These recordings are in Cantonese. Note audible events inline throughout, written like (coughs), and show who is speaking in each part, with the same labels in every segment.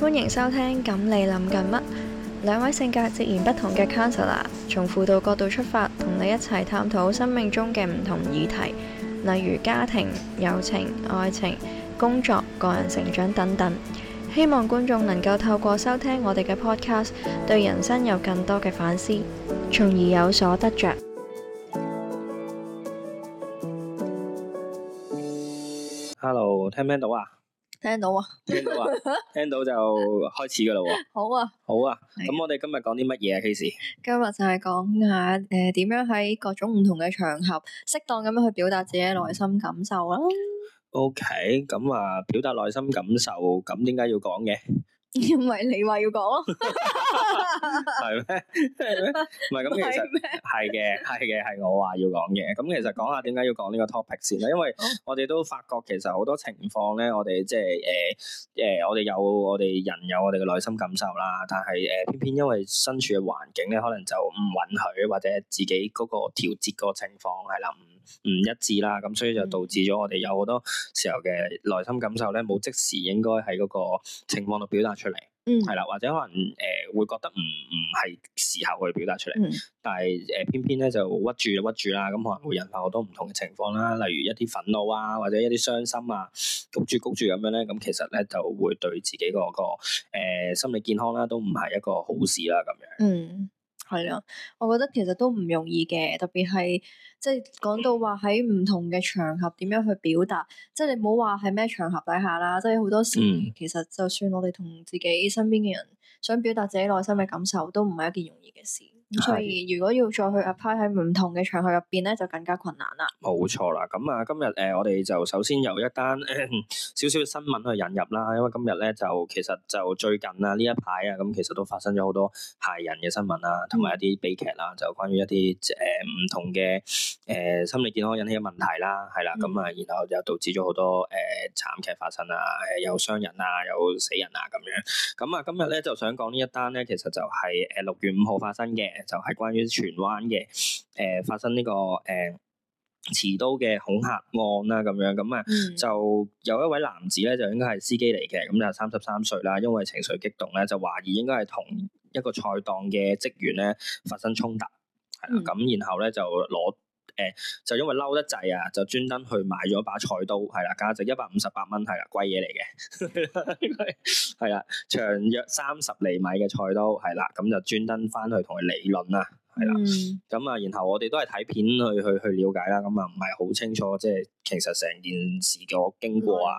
Speaker 1: 歡迎收聽《咁你諗緊乜》？兩位性格截然不同嘅 counsellor 從輔導角度出發，同你一齊探討生命中嘅唔同議題，例如家庭、友情、愛情、工作、個人成長等等。希望觀眾能夠透過收聽我哋嘅 podcast，對人生有更多嘅反思，從而有所得着。
Speaker 2: Hello，聽唔聽到啊？
Speaker 1: 聽到啊，聽到啊，
Speaker 2: 聽到就開始噶啦、啊。 (laughs) 好啊， (laughs) 好啊，咁的我哋今日講啲乜嘢啊？Casey 今日
Speaker 1: 就係講下誒，點樣喺各種唔同嘅場合，適當咁樣去表達自己內心感受啦、
Speaker 2: 啊。OK，咁啊，表達內心感受，咁點解要講嘅？
Speaker 1: 因為你話要講咯，
Speaker 2: 係咩？係咩？唔係咁，其實係嘅，係嘅， (laughs) 係我話要講嘅。咁其實講下點解要講呢個 topic 先啦。因為我哋都發覺其實好多情況咧，我哋即係誒誒，我哋有我哋人有我哋嘅內心感受啦。但係誒、呃，偏偏因為身處嘅環境咧，可能就唔允許，或者自己嗰個調節個情況係啦唔唔一致啦。咁所以就導致咗我哋有好多時候嘅內心感受咧，冇即時應該喺嗰個情況度表達出嚟，嗯，係 (noise) 啦，或者可能誒、呃、會覺得唔唔係時候去表達出嚟，嗯、但係誒、呃、偏偏咧就屈住就屈住啦，咁可能會引發好多唔同嘅情況啦，例如一啲憤怒啊，或者一啲傷心啊，焗住焗住咁樣咧，咁其實咧就會對自己、那個個、呃、心理健康啦、啊，都唔係一個好事啦，咁樣。
Speaker 1: 嗯係啊，我覺得其實都唔容易嘅，特別係即係講到話喺唔同嘅場合點樣去表達，即係你唔好話喺咩場合底下啦，即係好多時、嗯、其實就算我哋同自己身邊嘅人想表達自己內心嘅感受，都唔係一件容易嘅事。所以如果要再去 apply 喺唔同嘅場合入邊咧，就更加困難。錯啦。
Speaker 2: 冇錯啦，咁啊今日誒我哋就首先由一單少少新聞去引入啦，因為今日咧就其實就最近啊呢一排啊咁其實都發生咗好多駭人嘅新聞啊，同埋一啲悲劇啊，就關於一啲誒唔同嘅誒、呃、心理健康引起嘅問題啦，係啦，咁啊、嗯、然後又導致咗好多誒慘、呃、劇發生啊，誒、呃、有傷人啊，有死人啊咁樣。咁啊今日咧就想講呢一單咧，其實就係誒六月五號發生嘅。就係關於荃灣嘅，誒、呃、發生呢、這個誒持刀嘅恐嚇案啦，咁樣咁啊，就有一位男子咧，就應該係司機嚟嘅，咁就三十三歲啦，因為情緒激動咧，就懷疑應該係同一個菜檔嘅職員咧發生衝突，係啦、嗯，咁然後咧就攞。就因為嬲得滯啊，就專登去買咗把菜刀，係啦，價值一百五十八蚊，係啦，貴嘢嚟嘅，係 (laughs) 啦，長約三十厘米嘅菜刀，係啦，咁就專登翻去同佢理論啦。係啦，咁啊，然後我哋都係睇片去去去了解啦，咁啊唔係好清楚，即係其實成件事個經過啊，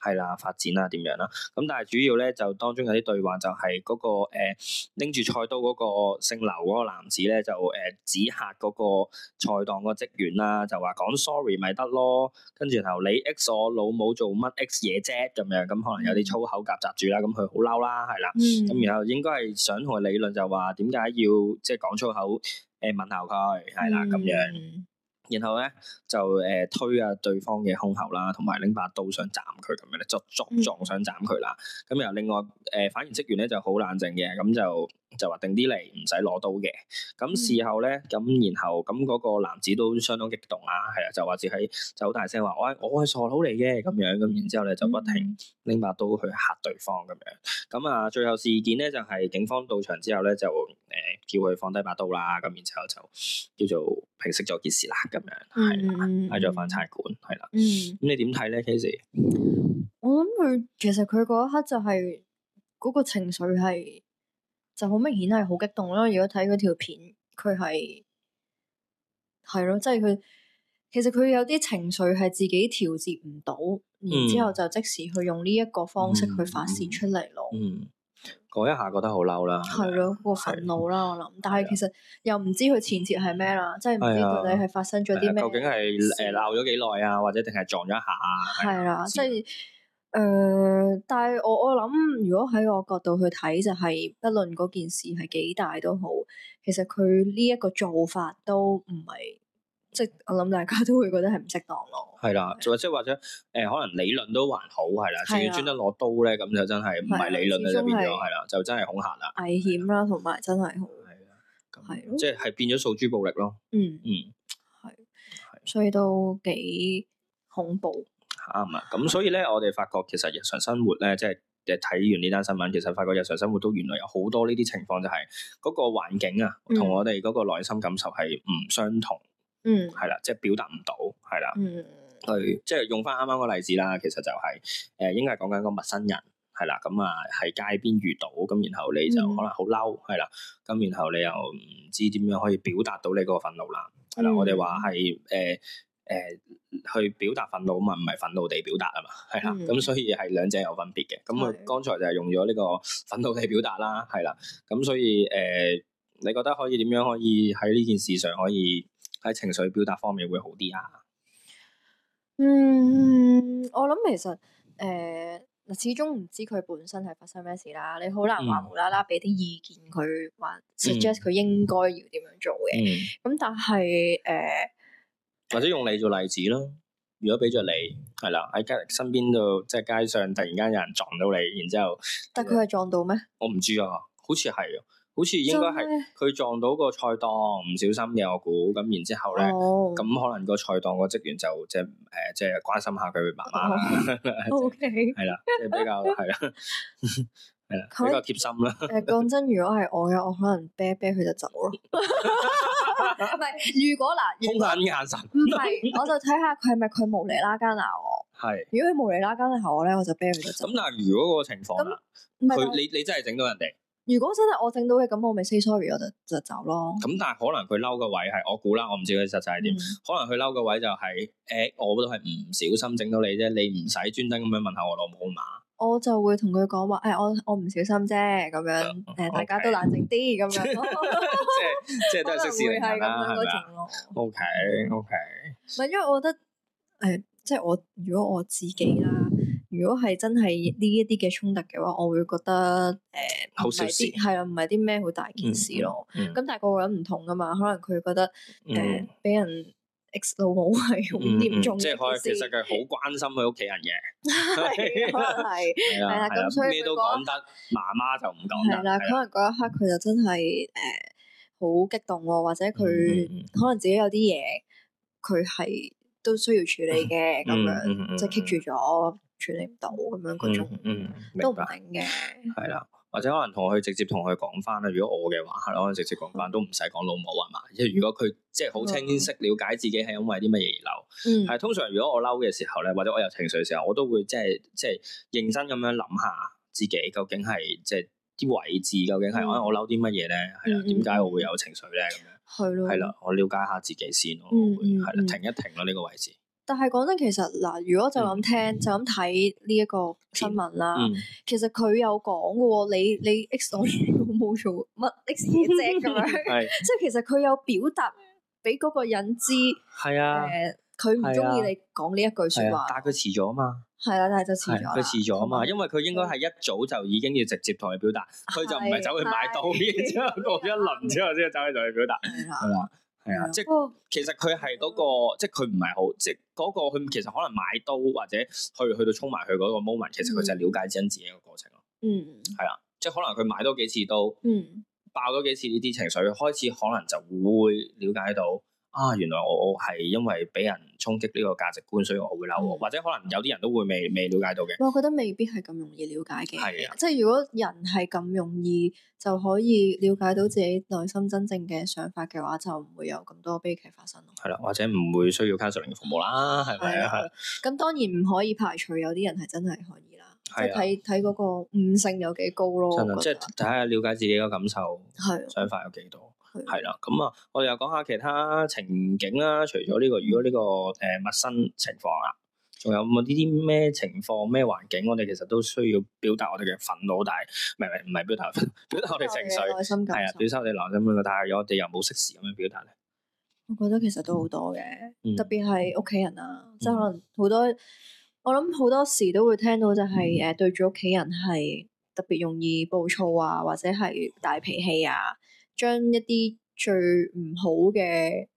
Speaker 2: 係啦發展啊點樣啦，咁但係主要咧就當中有啲對話就係嗰個誒拎住菜刀嗰個姓劉嗰個男子咧就誒指吓嗰個菜檔個職員啦，就話講 sorry 咪得咯，跟住然後你 x 我老母做乜 x 嘢啫，咁樣咁可能有啲粗口夾雜住啦，咁佢好嬲啦，係啦，咁然後應該係想同佢理論就話點解要即係講粗口。好誒，問候佢係啦，咁、嗯、樣，然後咧就誒、呃、推啊對方嘅胸口啦，同埋拎把刀想斬佢咁樣咧、嗯呃，就撞撞想斬佢啦，咁又另外誒，反而職員咧就好冷靜嘅，咁就。就話定啲嚟，唔使攞刀嘅。咁、嗯、事後咧，咁然後咁嗰個男子都相當激動啊，係啊，就話自己就好大聲話、嗯，我係我係傻佬嚟嘅咁樣。咁然之後咧就不停拎把刀去嚇對方咁樣。咁啊，最後事件咧就係、是、警方到場之後咧就誒叫佢放低把刀啦。咁然之後就叫做平息咗件事啦。咁樣
Speaker 1: 係啦，
Speaker 2: 喺咗返差館係啦。咁、嗯、你點睇咧，Casey？
Speaker 1: 我諗佢其實佢嗰一刻就係嗰個情緒係。就好明顯係好激動啦！如果睇嗰條片，佢係係咯，即係佢其實佢有啲情緒係自己調節唔到，然、嗯、之後就即時去用呢一個方式去發洩出嚟咯、嗯。嗯，
Speaker 2: 嗯嗯一下覺得好嬲啦，係
Speaker 1: 咯個憤怒啦，我諗。但係其實又唔知佢前節係咩啦，即係唔知到底係發生咗啲咩？究竟
Speaker 2: 係誒鬧咗幾耐啊，或者定係撞咗一下啊？
Speaker 1: 係啦，所以。誒，但係我我諗，如果喺我角度去睇，就係不論嗰件事係幾大都好，其實佢呢一個做法都唔係，即係我諗大家都會覺得係唔適當咯。
Speaker 2: 係啦，或即係或者誒，可能理論都還好，係啦，仲要專登攞刀咧，咁就真係唔係理論就變咗，係啦，就真係恐嚇啦，
Speaker 1: 危險啦，同埋真係好係
Speaker 2: 啊，係咯，即係變咗數豬暴力咯，嗯嗯，係，
Speaker 1: 所以都幾恐怖。
Speaker 2: 啱啊！咁所以咧，我哋發覺其實日常生活咧，即係誒睇完呢單新聞，其實發覺日常生活都原來有好多呢啲情況，就係嗰個環境啊，同我哋嗰個內心感受係唔相同。嗯，係啦，即係表達唔到，係啦。嗯，去即係用翻啱啱個例子啦，其實就係、是、誒、呃、應該係講緊個陌生人係啦，咁啊喺街邊遇到咁，然後你就可能好嬲，係啦、嗯，咁然後你又唔知點樣可以表達到你嗰個憤怒啦，係啦，嗯、我哋話係誒。呃誒、呃，去表達憤怒啊嘛，唔係憤怒地表達啊嘛，係啦，咁、嗯嗯、所以係兩者有分別嘅。咁我剛才就係用咗呢個憤怒地表達啦，係啦，咁、嗯、所以誒、呃，你覺得可以點樣可以喺呢件事上可以喺情緒表達方面會好啲啊？
Speaker 1: 嗯，我諗其實誒、嗱、呃，始終唔知佢本身係發生咩事啦，你好難話無啦啦俾啲意見佢，或 suggest 佢應該要點樣做嘅。咁但係誒。呃
Speaker 2: 或者用你做例子咯，如果俾咗你，係啦喺街身邊度，即係街上突然間有人撞到你，然之後，
Speaker 1: 但佢係撞到咩
Speaker 2: 的？我唔知啊，好似係，好似應該係佢撞到個菜檔，唔小心嘅我估，咁然之後咧，咁可能個菜檔個職員就即係誒，即係、呃、關心下佢媽媽啦。O K，
Speaker 1: 係啦，即係比較係
Speaker 2: 啦。 (laughs) (laughs) 係啦，比較貼心啦。誒、呃，
Speaker 1: 講真，如果係我嘅，我可能啤啤佢就走咯。係，如果嗱，凶狠眼，眼神。唔係，我就睇下佢係咪佢無理啦間鬧我。係是。如果佢無理啦間鬧我咧，我就啤佢就走。咁但係，如
Speaker 2: 果個情況啦，佢你你真係整到人哋。
Speaker 1: 如果真係我整到嘅，咁我咪 say sorry，我就就走咯。咁
Speaker 2: 但係可能佢嬲嘅位係，我估啦，我唔知佢實際係點。嗯、可能佢嬲嘅位就係、是，誒、欸，我都係唔小心整到你啫，你唔使專登咁樣問下我老母嘛。
Speaker 1: 我就會同佢講話，誒、哎，我我唔小心啫，咁樣，誒、呃，Okay. 大家都冷靜啲，咁樣咯，即係即係都係息
Speaker 2: 事啊，係咪啊？O K O K，
Speaker 1: 係，因為我覺得，誒、呃，即係我如果我自己啦，如果係真係呢一啲嘅衝突嘅話，我會覺得，誒、呃，好小事，係啊，唔係啲咩好大件事咯。咁、嗯嗯、但係個個人唔同噶嘛，可能佢覺得，誒、呃，俾人。X 老母係好嚴重嘅，即係佢其實
Speaker 2: 佢好關心佢屋企人
Speaker 1: 嘅。係係啊，咁所以咩都講
Speaker 2: 得，媽媽就唔講。係啦，可能
Speaker 1: 嗰一刻佢就真係誒好激動，或者佢可能自己有啲嘢，佢係都需要處理嘅，咁、嗯 (laughs) 嗯、樣即係棘住咗處理唔到咁樣嗰種，種嗯、明白 (laughs) 都唔明嘅，
Speaker 2: 係啦。或者可能同佢直接同佢講翻啦。如果我嘅話，可能直接講翻都唔使講老母係嘛。因為如果佢即係好清晰、嗯、了解自己係因為啲乜嘢而嬲，係、嗯、通常如果我嬲嘅時候咧，或者我有情緒嘅時候，我都會即係即係認真咁樣諗下自己究竟係即係啲位置究竟係我我嬲啲乜嘢咧？係啊，點解我會有情緒咧？咁樣
Speaker 1: 係咯，係啦，
Speaker 2: 我了解下自己先，係啦、嗯嗯，停一停咯呢個位置。
Speaker 1: 但係講真，其實嗱，如果就咁聽，就咁睇呢一個新聞啦，其實佢有講噶，你你 X 我冇做乜 X 正咁樣，即係其實佢有表達俾嗰個人知，係啊，佢唔中意你講呢一句說話，但係
Speaker 2: 佢遲咗嘛，
Speaker 1: 係啦，但係就遲咗，佢遲
Speaker 2: 咗嘛，因為佢應該係一早就已經要直接同你表達，佢就唔係走去買刀，之後過咗一輪之後先走去同你表達，係啦。係啊，yeah, Yeah. 即係、oh。其實佢係嗰個，oh。即係佢唔係好，即係、那、嗰個佢其實可能買刀，或者去去到衝埋去嗰個 moment，其實佢就係了解真自己一個過程咯。嗯，係啦，即係可能佢買多幾次刀，嗯，mm。爆多幾次呢啲情緒，開始可能就會了解到。啊，原來我我係因為俾人衝擊呢個價值觀，所以我會嬲，或者可能有啲人都會未未了解到嘅。
Speaker 1: 我覺得未必係咁容易了解嘅，即係如果人係咁容易就可以了解到自己內心真正嘅想法嘅話，就唔會有咁多悲劇發生。
Speaker 2: 係啦，或者唔會需要 counselling 服務啦，係咪啊？係。
Speaker 1: 咁當然唔可以排除有啲人係真係可以
Speaker 2: 啦，即係睇
Speaker 1: 睇嗰個悟性有幾高咯。即
Speaker 2: 係睇下了解自己個感受，係想法有幾多。係啦，咁啊，我哋又講下其他情景啦。除咗呢個，如果呢個誒陌生情況啊，仲有冇呢啲咩情況、咩環境，我哋其實都需要表達我哋嘅憤怒，但係唔係唔係表達 (laughs) 表達我哋情緒，係啊，表達我哋內心嘅。但係我哋又冇適時咁樣表達咧，
Speaker 1: 我覺得其實都好多嘅，嗯、特別係屋企人啊，嗯、即係可能好多，我諗好多時都會聽到就係誒，對住屋企人係特別容易暴躁啊，或者係大脾氣啊。將一啲最唔好嘅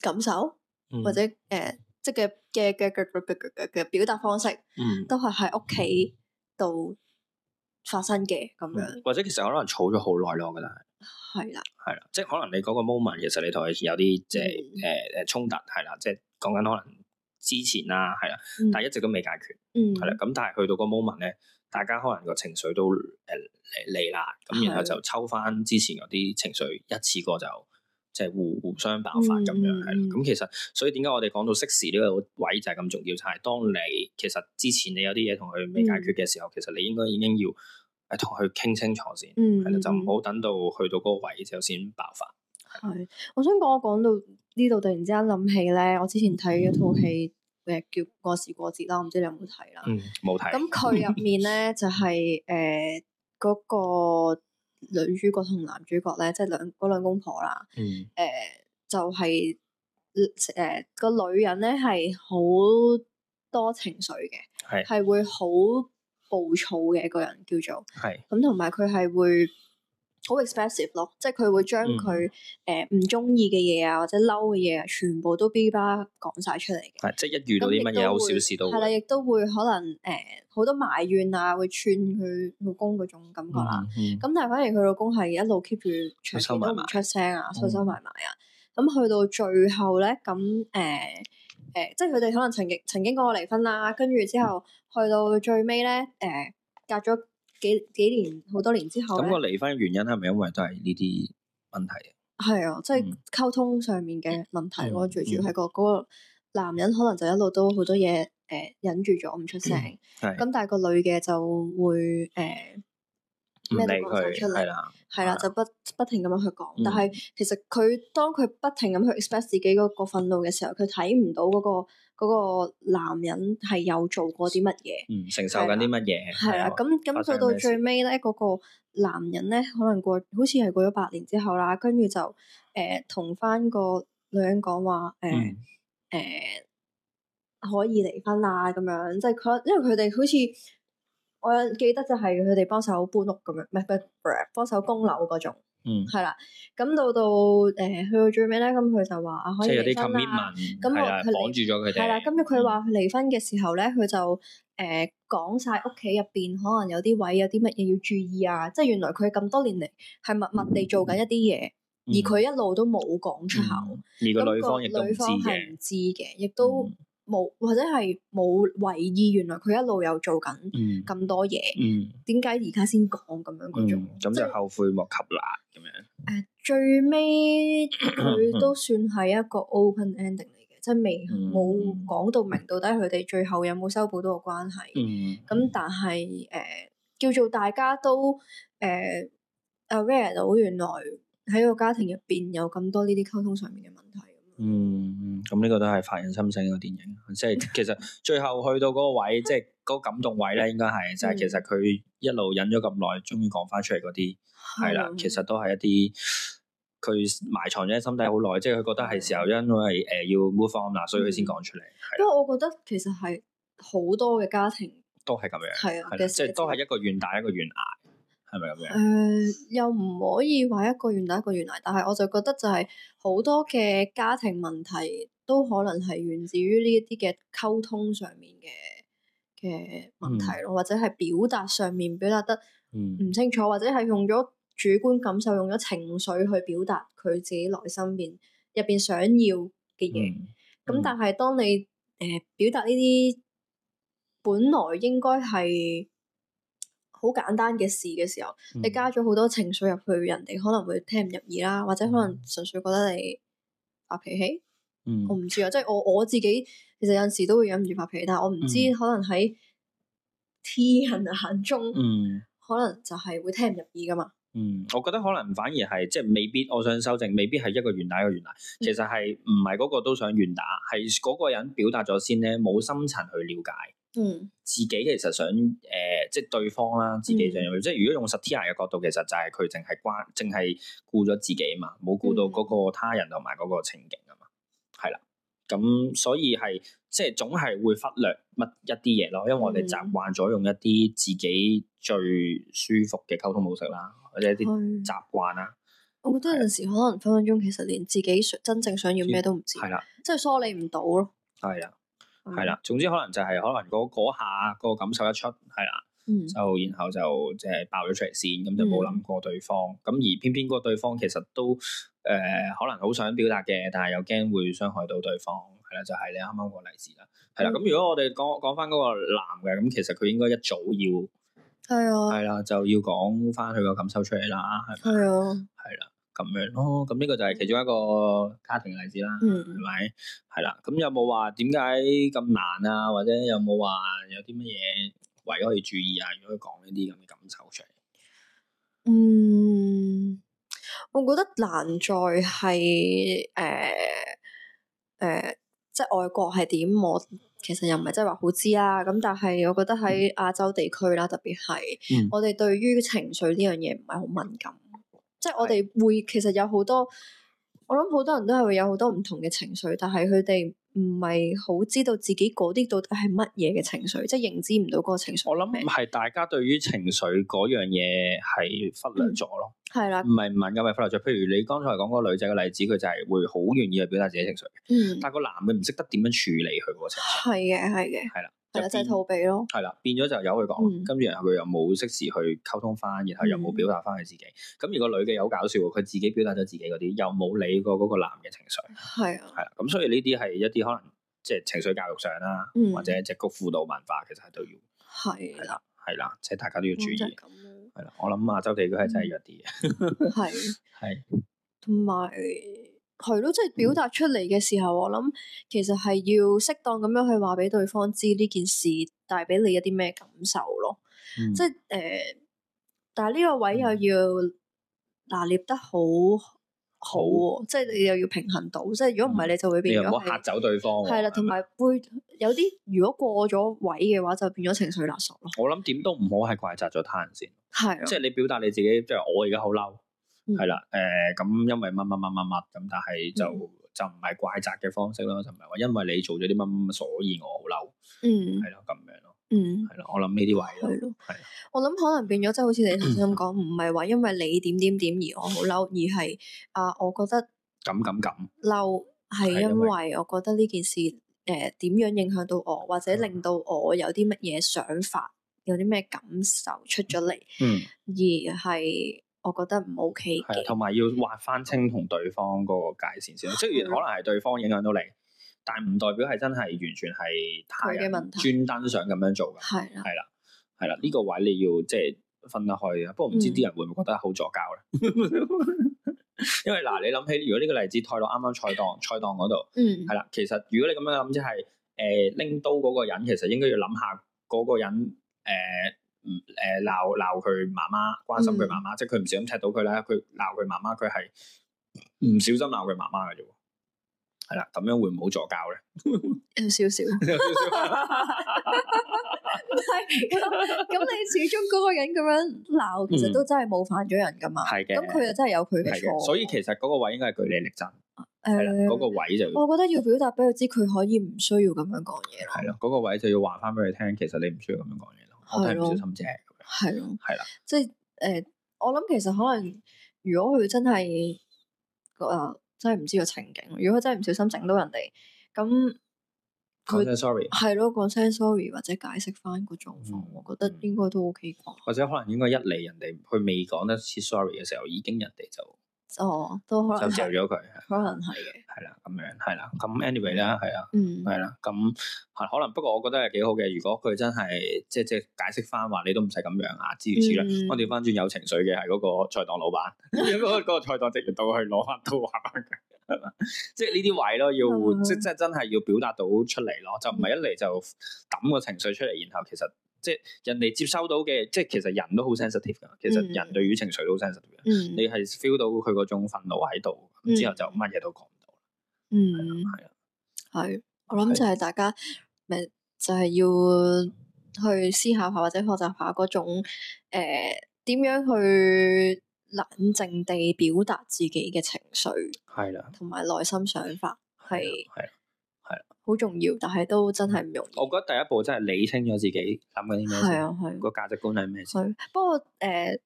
Speaker 1: 感受，嗯、或者誒、呃，即嘅嘅嘅嘅嘅嘅嘅嘅表達方式，嗯、都係喺屋企度發生嘅咁樣、嗯。
Speaker 2: 或者其實可能儲咗好耐咯，但係係啦，係啦的的，即係可能你嗰個 moment 其實你同佢有啲即係誒誒衝突，係啦，即係講緊可能。之前啦、啊，係啦，但係一直都未解決，係啦、嗯，咁但係去到嗰 moment 咧，大家可能個情緒都誒嚟啦，咁、呃呃、然後就抽翻之前嗰啲情緒一次過就即係互互相爆發咁樣，係啦、嗯，咁、嗯、其實所以點解我哋講到適時呢個位就係咁重要？就係、嗯、當你其實之前你有啲嘢同佢未解決嘅時候，嗯、其實你應該已經要誒同佢傾清楚先，係啦、嗯，就唔好等到去到嗰個位之後先爆發。
Speaker 1: 係、嗯，我想講我講到。的 (noise) 呢度突然之間諗起咧，我之前睇一套戲，誒叫《過時過節》啦，我唔知你有冇睇啦？
Speaker 2: 嗯，冇睇。咁佢入
Speaker 1: 面咧 (laughs) 就係誒嗰個女主角同男主角咧，即係兩嗰兩公婆啦。嗯。誒、呃，就係、是、誒、呃嗰個女人咧係好多情緒嘅，係是會好暴躁嘅一個人叫做，係咁同埋佢係會。好 expressive 咯，即係佢會將佢誒唔中意嘅嘢啊，或者嬲嘅嘢，啊，全部都 B 巴講晒出嚟
Speaker 2: 嘅。即係一遇到啲乜嘢，好小事都係啦，亦
Speaker 1: 都會可能誒好、呃、多埋怨啊，會串佢老公嗰種感覺啦、啊。咁、嗯嗯、但係反而佢老公係一路 keep 住，佢唔出聲啊，收、嗯、收埋埋啊。咁、嗯、去到最後咧，咁誒誒，即係佢哋可能曾經曾經講過離婚啦，跟住之後去、嗯、到最尾咧，誒、呃、隔咗。幾幾年好多年之後，咁個
Speaker 2: 離婚原因係咪因為都係呢啲
Speaker 1: 問題啊？係啊，即、就、係、是、溝通上面嘅問題咯。嗯、最主要係、那個嗰、嗯、男人可能就一路都好多嘢誒、呃、忍住咗唔出聲，咁、嗯、但係個女嘅就會誒咩、呃、
Speaker 2: 都講曬出嚟，
Speaker 1: 係啦，的的就不不停咁樣去講。嗯、但係其實佢當佢不停咁去 express 自己嗰個憤怒嘅時候，佢睇唔到嗰、嗰個。嗰個男人係有做過啲乜嘢？嗯，
Speaker 2: 承受緊啲乜嘢？係啊吧，咁咁去到最尾
Speaker 1: 咧，嗰、嗰個男人咧，可能過好似係過咗八年之後啦，呃、跟住就誒同翻個女人講話誒誒、呃嗯呃、可以離婚啦咁樣，即係佢因為佢哋好似我記得就係佢哋幫手搬屋咁樣，唔係幫手供樓嗰種。嗯，係啦，咁到到誒，去、呃、到最尾咧，咁佢就話可以離婚啦，咁綁住咗佢哋。係啦，咁佢話離婚嘅時候咧，佢就誒講晒屋企入邊可能有啲位有啲乜嘢要注意啊，即係原來佢咁多年嚟係默默地做緊一啲嘢，嗯嗯，而佢一路都冇講出口，而個女方亦唔知嘅，亦都。嗯冇或者係冇為意，原來佢一路有做緊咁多嘢，嗯，點解而家先講咁樣，嗰
Speaker 2: 種咁就後悔莫及啦，咁樣
Speaker 1: 誒、呃、最尾佢 (coughs) 都算係一個 open ending 嚟嘅，即係未冇講到明到底佢哋最後有冇修補到個關係。咁、嗯嗯、但係誒、呃、叫做大家都誒 aware 到原來喺個家庭入邊有咁多呢啲溝通上面嘅問題。
Speaker 2: 嗯，咁、嗯、呢、這個都係發人深省嘅電影，即係其實最後去到嗰個位，即係嗰個感動位咧，應該係就係、是、其實佢一路忍咗咁耐，終於講翻出嚟嗰啲，係啦， (laughs) 其實都係一啲佢埋藏咗心底好耐， (laughs) 即係佢覺得係時候， (laughs) 因為誒、呃、要 move on 啦，所以佢先講出嚟。
Speaker 1: 因為我覺得其實係好多嘅家庭
Speaker 2: 都係咁樣，係啊的，即係都係一個願打一個願挨。係咪咁
Speaker 1: 樣？誒、呃，又唔可以話一個原來一個原來，但係我就覺得就係好多嘅家庭問題都可能係源自於呢一啲嘅溝通上面嘅嘅問題咯，嗯、或者係表達上面表達得唔清楚，嗯、或者係用咗主觀感受、用咗情緒去表達佢自己內心入邊入邊想要嘅嘢。咁、嗯嗯、但係當你誒、呃、表達呢啲本來應該係好簡單嘅事嘅時候，你加咗好多情緒入去，人哋可能會聽唔入耳啦，或者可能純粹覺得你發脾氣。嗯，我唔知啊，即係我我自己，其實有陣時都會忍唔住發脾氣，但係我唔知，嗯，可能喺他人眼中，嗯，可能就係會聽唔入耳噶嘛。嗯，
Speaker 2: 我覺得可能反而係即係未必，我想修正，未必係一個願打一個願打，其實係唔係嗰個都想願打，係嗰個人表達咗先咧，冇深層去了解。嗯，自己其實想誒、呃，即係對方啦，自己想用，嗯、即係如果用 Satir 嘅角度，其實就係佢淨係關，淨係顧咗自己嘛，冇顧到嗰個他人同埋嗰個情景啊嘛，係啦，咁所以係即係總係會忽略乜一啲嘢咯，因為我哋習慣咗用一啲自己最舒服嘅溝通模式啦，或者一啲習慣啦。
Speaker 1: 是啦，我覺得有陣時可能分分鐘其實連自己想真正想要咩都唔知，係啦，即係梳理唔到
Speaker 2: 咯，係啦。係啦，總之可能就係可能嗰嗰下個感受一出，係啦，嗯、就然後就即係爆咗出嚟先，咁就冇諗過對方。咁、嗯、而偏偏嗰個對方其實都誒、呃、可能好想表達嘅，但係又驚會傷害到對方，係啦，就係你啱啱個例子啦，係啦、嗯，咁如果我哋講講翻嗰個男嘅，咁其實佢應該一早要係啊，係啦、嗯，就要講翻佢個感受出嚟啦，係啊，係啦。咁樣咯，咁、哦、呢個就係其中一個家庭嘅例子啦，係咪、嗯？係啦，咁有冇話點解咁難啊？或者有冇話有啲乜嘢位可以注意啊？如果可以講呢啲咁嘅感受出嚟，嗯，
Speaker 1: 我覺得難在係誒誒，即係外國係點，我其實又唔係真係話好知啊。咁但係我覺得喺亞洲地區啦，特別係、嗯、我哋對於情緒呢樣嘢唔係好敏感。即係我哋會其實有好多，我諗好多人都係會有好多唔同嘅情緒，但係佢哋唔係好知道自己嗰啲到底係乜嘢嘅情緒，即係認知唔到嗰個情緒。我諗
Speaker 2: 係大家對於情緒嗰樣嘢係忽略咗咯，
Speaker 1: 係啦、嗯，唔係唔敏
Speaker 2: 感，咪忽略咗。譬如你剛才講嗰個女仔嘅例子，佢就係會好願意去表達自己情緒，嗯、但係個男嘅唔識得點樣處理佢個情
Speaker 1: 緒，係嘅，係嘅，係
Speaker 2: 啦。就係逃避咯，係啦，變咗就由佢講，跟住佢又冇適時去溝通翻，然後又冇表達翻佢自己。咁如果女嘅有搞笑，佢自己表達咗自己嗰啲，又冇理過嗰個男嘅情緒，係啊，係啦，咁所以呢啲係一啲可能即係情緒教育上啦，或者即係個輔導文化其實係都要，
Speaker 1: 係啦，
Speaker 2: 係啦，即係大家都要注意，係啦，我諗亞洲地區係真係弱
Speaker 1: 啲嘅。係係同埋。係咯，即係表達出嚟嘅時候，嗯、我諗其實係要適當咁樣去話俾對方知呢件事帶俾你一啲咩感受咯。嗯、即係誒、呃，但係呢個位又要拿捏得好好，嗯、即係你又要平衡到。即係如果唔係，你就會變咗
Speaker 2: 嚇走對方，啊。係啦，
Speaker 1: 同埋會有啲如果過咗位嘅話，就變咗情緒勒索
Speaker 2: 咯。我諗點都唔好係怪責咗他人先。係啊，即係你表達你自己，即係我而家好嬲。係啦，誒咁，因為乜乜乜乜乜咁，但係就就唔係怪責嘅方式咯，就唔係話因為你做咗啲乜乜，所以我好嬲，嗯，係咯，咁樣
Speaker 1: 咯，嗯，係
Speaker 2: 咯，我諗呢啲位咯，係咯，係，
Speaker 1: 我諗可能變咗即係好似你頭先咁講，唔係話因為你點點點而我好嬲，而係啊，我覺得咁咁咁嬲係因為我覺得呢件事誒點樣影響到我，或者令到我有啲乜嘢想法，有啲咩感受出咗嚟，嗯，而係。我覺得唔 OK 嘅，
Speaker 2: 係同埋要劃翻清同對方嗰個界線先。嗯、雖然可能係對方影響到你，但唔代表係真係完全係佢嘅問題，專登想咁樣做嘅。係啦的，啦、嗯，係啦，呢、呢個位你要即係分得開嘅。不過唔知啲人會唔會覺得好助教咧？嗯、 (laughs) 因為嗱，你諗起如果呢個例子退到啱啱菜檔菜檔嗰度，嗯，係啦，其實如果你咁樣諗，即係誒拎刀嗰個人，其實應該要諗下嗰個人誒。嗯，誒，鬧鬧佢媽媽，關心佢媽媽，嗯、即係佢唔小心踢到佢啦。佢鬧佢媽媽，佢係唔小心鬧佢媽媽嘅啫。係啦，咁樣會唔好助教咧？
Speaker 1: 有少少。咁 (laughs) (laughs) 你始終嗰個人咁樣鬧，其實都真係冒犯咗人噶嘛。係嘅、嗯。咁佢又真係有佢嘅錯。所以
Speaker 2: 其實嗰個位應該係據理力爭。嗰、嗯嗰個位就，我
Speaker 1: 覺得要表達俾佢知，佢可以唔需要咁樣講嘢
Speaker 2: 咯。係咯，嗰、嗰個位就要話翻俾佢聽，其實你唔需要咁樣講嘢。
Speaker 1: 係咯，係咯，係啦，即係誒、呃，我諗其實可能如果佢真係啊、呃，真係唔知個情景，如果佢真係唔小心整到人哋，咁
Speaker 2: 講聲 sorry，係
Speaker 1: 咯，講聲 sorry 或者解釋翻個狀況，嗯、我覺得應該都 OK 啩。
Speaker 2: 或者可能應該一嚟人哋佢未講得切 sorry 嘅時候，已經人哋就。
Speaker 1: 哦，都可能就嚼咗佢，
Speaker 2: 可能係嘅，係啦咁樣，係啦咁，anyway 啦，係啊，係啦咁，可能不過我覺得係幾好嘅。如果佢真係即係即係解釋翻話，你都唔使咁樣啊，諸如此類。嗯、我調翻轉有情緒嘅係嗰個菜檔老闆，嗰個嗰個菜檔職員都去攞黑套玩嘅，係嘛？即係呢啲位咯，嗯、要即係即係真係要表達到出嚟咯，就唔係一嚟就抌個情緒出嚟，然後其實。即係人哋接收到嘅，即係其實人都好 sensitive 噶。其實人對於情緒都好 sensitive 噶。嗯、你係 feel 到佢嗰種憤怒喺度，嗯、之後就乜嘢都講唔到。嗯，係啊，
Speaker 1: 係。我諗就係大家咪就係、是、要去思考下或者學習下嗰種誒，點、呃、樣去冷靜地表達自己嘅情緒。係啦，同埋內心想法係。好重要，但係都真係唔容
Speaker 2: 易。我覺得第一步真係理清咗自己諗緊啲咩，係啊，係個價值觀係咩
Speaker 1: 事。係不過誒，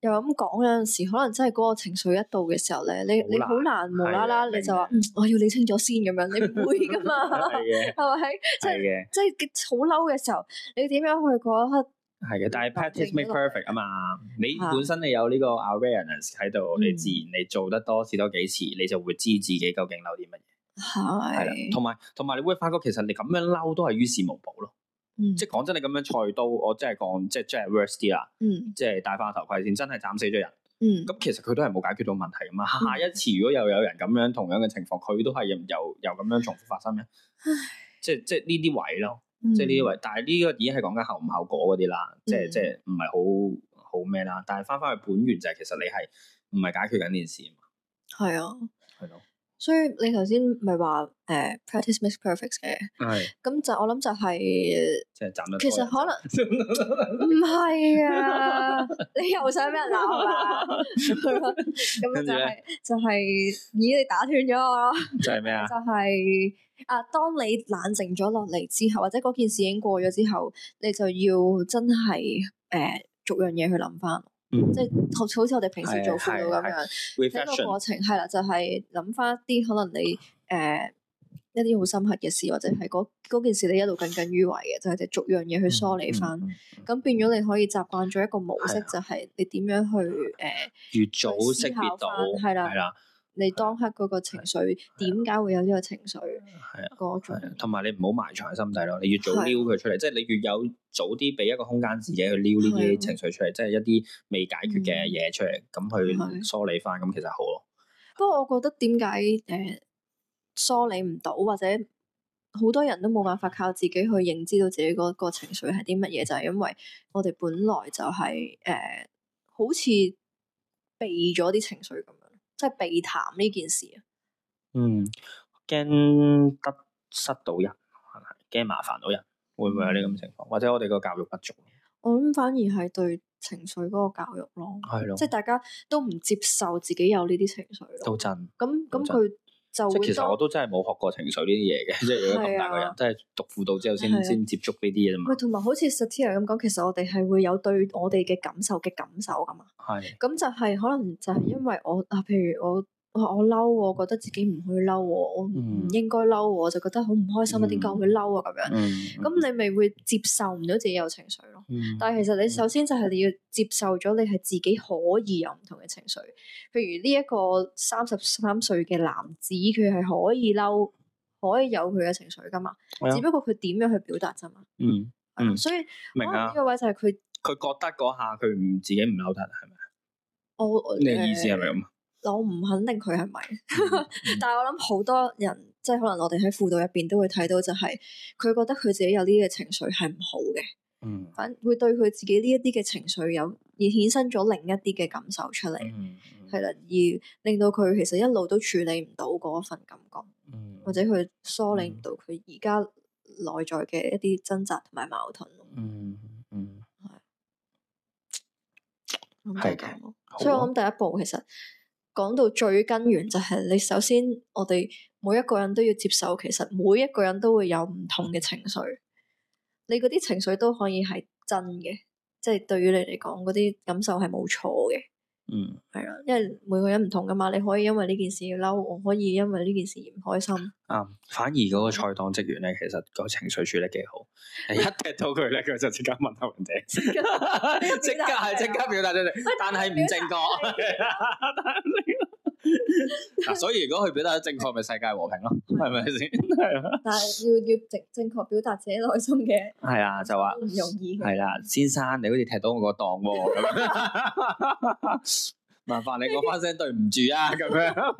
Speaker 1: 又咁講有陣時，可能真係嗰個情緒一到嘅時候咧，你你好難無啦啦，你就話我要理清咗先咁樣，你唔會噶嘛，係咪？係嘅，即係好嬲嘅時候，你點樣去嗰一刻？
Speaker 2: 係嘅，但係 practice make perfect 啊嘛，你本身你有呢個 awareness 喺度，你自然你做得多試多幾次，你就會知自己究竟嬲啲乜嘢。係，同埋同埋你會發覺其實你咁樣嬲都係於事無補咯。即係講真，你咁樣菜刀，我真係講即係即係 worse 啲啦。嗯，即係戴翻頭盔先，真係斬死咗人。嗯，咁其實佢都係冇解決到問題噶嘛。下一次如果又有人咁樣同樣嘅情況，佢都係又又又咁樣重複發生嘅。即即係呢啲位咯，即係呢啲位。但係呢個已經係講緊後唔後果嗰啲啦，即係即係唔係好好咩啦。但係翻翻去本源就係，其實你係唔係解決緊件事啊？
Speaker 1: 係啊。所以你頭先咪話誒 practice makes perfect 嘅是，咁就我諗就係、是，即其實可能唔係 (laughs) 啊， (laughs) 你又想俾人鬧啦、啊，咁 (laughs) 樣就係、是、麼就係、是、咦你打斷咗我咯，就係咩啊？ (laughs) 就係、是、啊，當你冷靜咗落嚟之後，或者嗰件事已經過咗之後，你就要真係誒逐樣嘢去諗翻。嗯、即係好似我哋平時做輔導咁樣，呢個過程係啦，就係諗翻啲可能你誒、呃、一啲好深刻嘅事，或者係嗰件事你一路耿耿於懷嘅，就係就逐樣嘢去梳理翻，咁、嗯嗯嗯、變咗你可以習慣咗一個模式，的就係你點樣去誒、
Speaker 2: 呃、越早思考識別到係啦。的
Speaker 1: 你當刻嗰個情緒點解會有呢個情緒？係啊的，
Speaker 2: 同埋你唔好埋藏喺心底咯，你要早撩佢出嚟，即係的你越有早啲俾一個空間自己去撩呢啲情緒出嚟，即係的一啲未解決嘅嘢出嚟，咁的去梳理翻，咁其實好咯。
Speaker 1: 不過我覺得點解誒梳理唔到，或者好多人都冇辦法靠自己去認知到自己嗰個情緒係啲乜嘢，就係、是、因為我哋本來就係、是、誒、呃、好似避咗啲情緒咁。即係避談呢件事啊，嗯，
Speaker 2: 驚得失到人係咪？驚麻煩到人，會唔會有呢咁情況？或者我哋個教育不足？
Speaker 1: 我諗反而係對情緒嗰個教育咯，係咯的，即係大家都唔接受自己有呢啲情緒咯，都真，咁咁佢。就即其實我
Speaker 2: 都真係冇學過情緒呢啲嘢嘅， (laughs) 即係如果咁大個人，真係是、啊、讀輔導之後先先是、啊、接觸呢啲嘢啫嘛。唔
Speaker 1: 同埋好似 Satir 咁講，其實我哋係會有對我哋嘅感受嘅感受噶嘛。係。咁就係可能就係因為我啊，譬 (laughs) 如我。我嬲，我覺得自己唔去嬲，我唔應該嬲，我就覺得好唔開心、嗯、啊！點解會嬲啊？咁樣咁你咪會接受唔到自己有情緒咯？嗯嗯，但係其實你首先就係你要接受咗，你係自己可以有唔同嘅情緒。譬如呢一個三十三歲嘅男子，佢係可以嬲，可以有佢嘅情緒噶嘛？啊、只不過佢點樣去表達啫嘛？嗯，嗯
Speaker 2: ，yeah,
Speaker 1: 所以呢、啊、個位就係佢，
Speaker 2: 佢覺得嗰下佢唔自己唔嬲得係咪？
Speaker 1: 我你意思係咪咁？我唔肯定佢係咪，但係我諗好多人，即係可能我哋喺輔導入邊都會睇到，就係佢覺得佢自己有呢啲嘅情緒係唔好嘅，嗯，反會對佢自己呢一啲嘅情緒有而衍生咗另一啲嘅感受出嚟，係啦，而令到佢其實一路都處理唔到嗰份感覺，嗯，或者佢梳理唔到佢而家內在嘅一啲掙扎同埋矛盾，嗯嗯，係，咁樣，所以我諗第一步其實。講到最根源就係你首先，我哋每一個人都要接受，其實每一個人都會有唔同嘅情緒，你嗰啲情緒都可以係真嘅，即係對於你嚟講嗰啲感受係冇錯嘅。嗯，係啊，因為每個人唔同噶嘛，你可以因為呢件事要嬲，我可以因為呢件事而唔開心。
Speaker 2: 啊，反而嗰個菜檔職員咧，其實個情緒處理幾好， (laughs) 一踢到佢咧，佢就即刻問候人哋，即 (laughs) 刻係即 (laughs) 刻表達出嚟，但係唔正確。 (laughs) (laughs) (laughs) 嗱、 (laughs) 啊，所以如果佢表達得正確，咪、就是、世界和平咯，係咪先？係
Speaker 1: (laughs) 但係要要正正確表達自己內心嘅，
Speaker 2: 係啊，就話，唔容易，係啦、啊啊，先生，你好似踢到我檔、喔、樣 (laughs) (laughs) 個檔喎，麻煩你講翻聲對唔住啊，咁樣。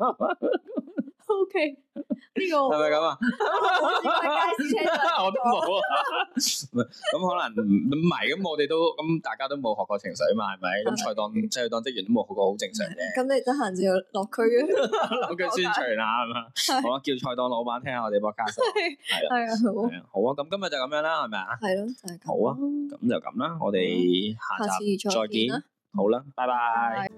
Speaker 2: Okay 呢個係咪咁啊？
Speaker 1: 我都冇啊！
Speaker 2: 咁可能唔係咁，我哋都咁，大家都冇學過情緒嘛？係咪？咁菜檔、菜檔職員都冇學過，好正常嘅。
Speaker 1: 咁你得閒就要落區啊！
Speaker 2: 我嘅宣傳啊，咁啊，好啦，叫菜檔老闆聽下我哋幫家教，係啊，
Speaker 1: 係
Speaker 2: 啊，好啊！咁今日就咁樣啦，係咪啊？係咯，就係
Speaker 1: 咁。
Speaker 2: 好啊，咁就咁啦，我哋下集再見。好啦，拜拜。